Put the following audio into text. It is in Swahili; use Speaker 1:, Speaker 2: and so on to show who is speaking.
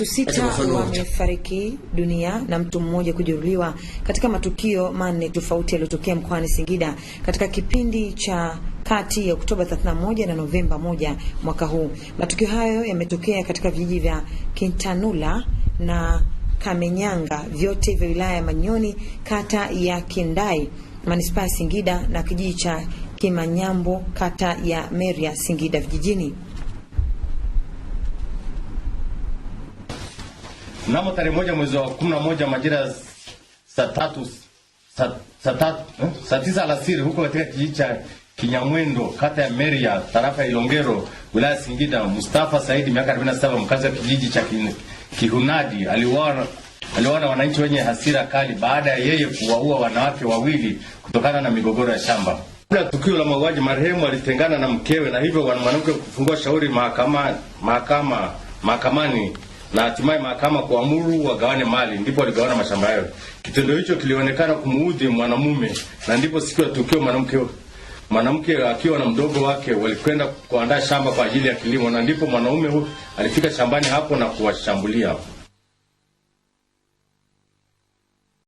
Speaker 1: Watu sita wamefariki dunia na mtu mmoja kujeruhiwa katika matukio manne tofauti yaliyotokea mkoani Singida katika kipindi cha kati ya Oktoba 31 na Novemba 1 mwaka huu. Matukio hayo yametokea katika vijiji vya Kintanula na Kamenyanga, vyote vya wilaya ya Manyoni, kata ya Kindai, manispaa ya Singida na kijiji cha Kimanyambo, kata ya Meria, Singida vijijini.
Speaker 2: mnamo tarehe moja mwezi wa kumi na moja majira saa tatu saa eh, tisa alasiri huko katika kijiji cha Kinyamwendo kata ya Meria tarafa ya Ilongero wilaya ya Singida, Mustafa Saidi miaka 47 mkazi wa kijiji cha Kihunadi aliuawa na wananchi wenye hasira kali baada ya yeye kuwaua wanawake wawili kutokana na migogoro ya shamba. Kabla ya tukio la mauaji, marehemu alitengana na mkewe na hivyo mwanamke kufungua shauri mahakama mahakama mahakamani na hatimaye mahakama kuamuru wagawane mali, ndipo waligawana mashamba hayo. Kitendo hicho kilionekana kumuudhi mwanamume, na ndipo siku ya tukio mwanamke mwanamke akiwa na mdogo wake walikwenda kuandaa shamba kwa ajili ya kilimo, na ndipo mwanaume huyo alifika shambani hapo na kuwashambulia.